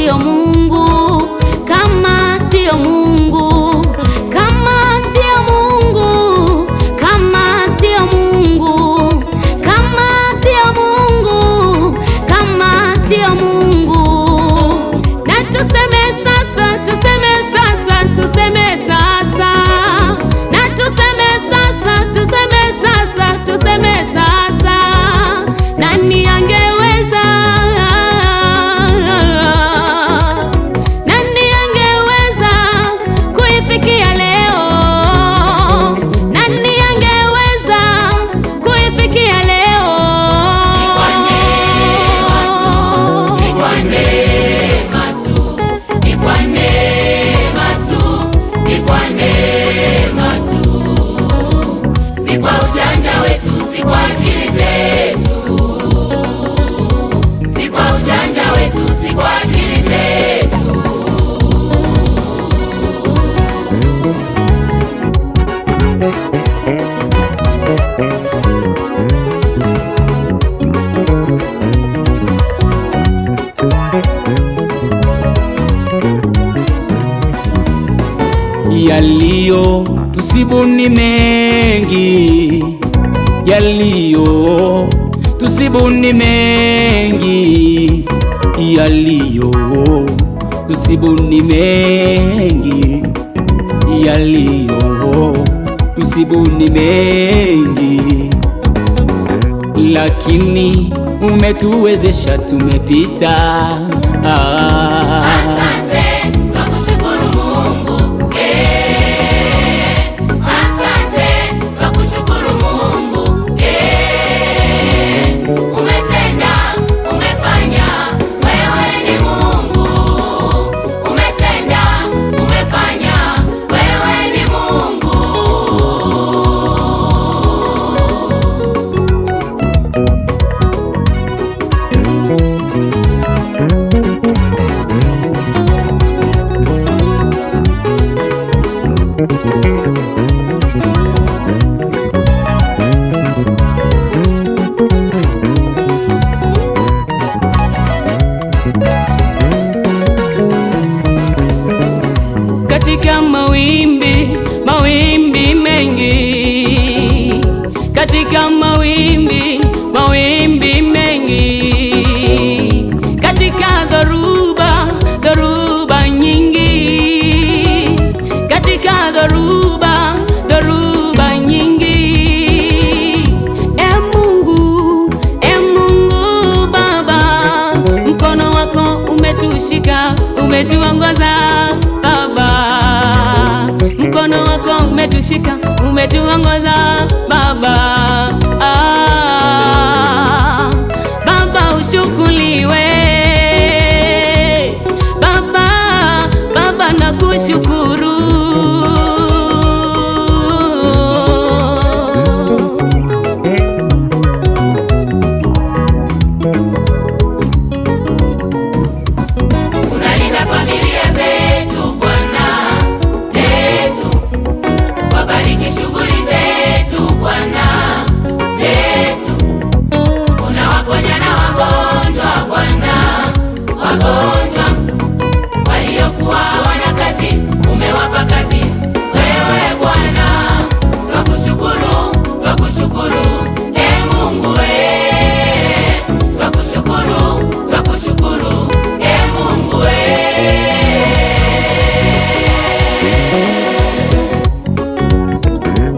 ndio Mungu ujanja wetu, si kwa akili zetu, si kwa ujanja wetu, si kwa akili masibu ni mengi yaliyo tusibu ni mengi yaliyo tusibu ni mengi yaliyo tusibu ni mengi, lakini umetuwezesha tumepita ah. katika mawimbi, mawimbi mengi, katika dhoruba, dhoruba nyingi, katika dhoruba, dhoruba nyingi. E Mungu, e Mungu Baba, mkono wako umetushika, umetuongoza umetushika, umetuongoza Baba Shukuliwe ah, Baba ushukuliwe Baba, Baba nakushuku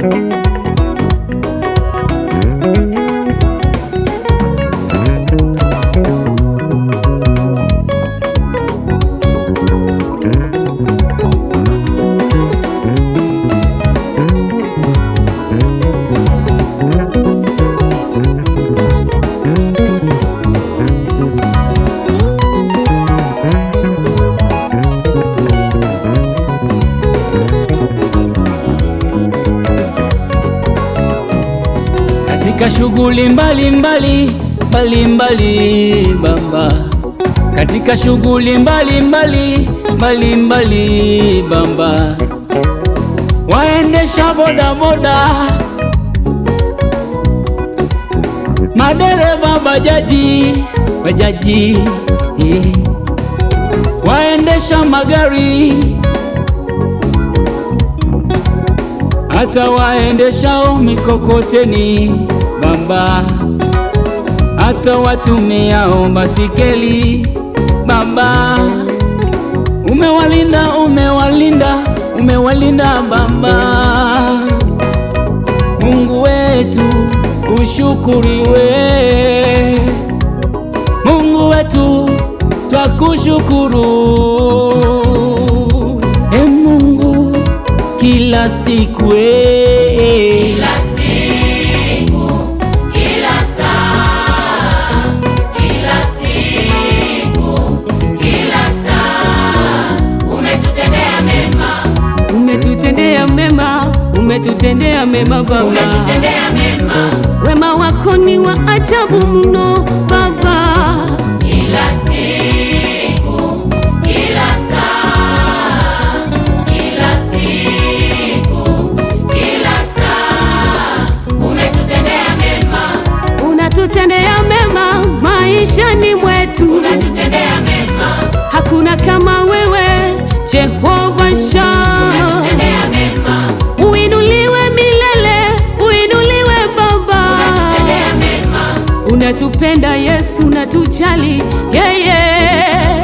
Thank you. shughuli mbalimbali mbalimbali bamba, katika shughuli mbalimbali mbalimbali bamba, waendesha bodaboda, madereva bajaji bajaji, eh. waendesha magari hata waendeshao mikokoteni Baba, hata watumiao basikeli Baba, umewalinda umewalinda umewalinda Baba. Mungu wetu ushukuriwe, Mungu wetu twakushukuru, e Mungu kila siku. umetutendea mema Baba, Wema wako ni wa ajabu mno Baba, kila siku, kila saa, kila siku, kila saa mema, unatutendea mema maishani mwetu, unatutendea mema, hakuna kama wewe Jehova Shah unatupenda Yesu, na tujali yeye yeah,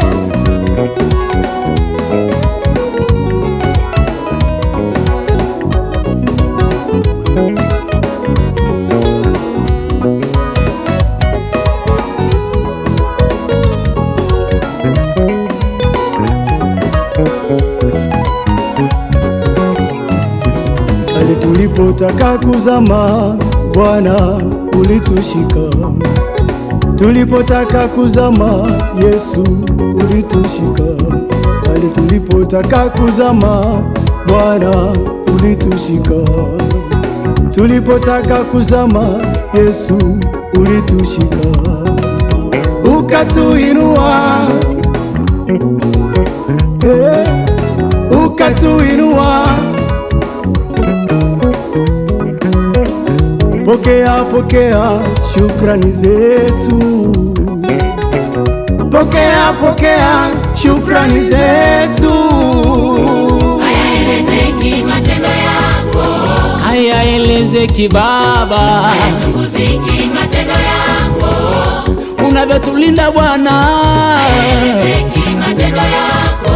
Tulipotaka kuzama Bwana ulitushika tulipotaka kuzama, Yesu ulitushika pale tulipotaka kuzama, Bwana ulitushika tulipotaka kuzama, Yesu ulitushika ukatuinua, eh, ukatuinua pokea shukrani zetu, pokea pokea shukrani zetu. Hayaelezeki matendo yako, hayaelezeki Baba, hayachunguziki matendo yako, unavyotulinda Bwana, hayaelezeki matendo yako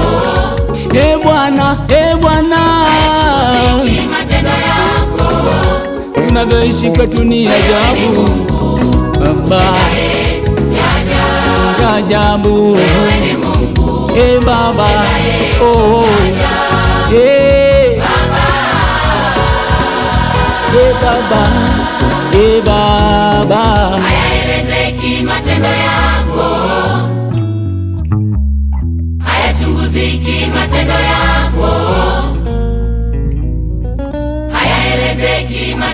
unavyoishi kwetu ni ajabu Baba, ajabu e Baba, oh e Baba, e Baba, hayaelezeki matendo yako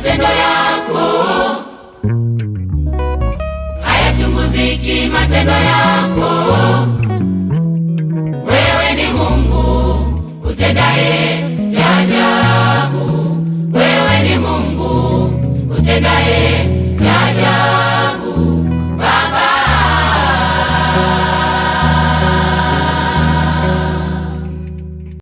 matendo yako hayachunguziki, matendo yako wewe ni Mungu utendaye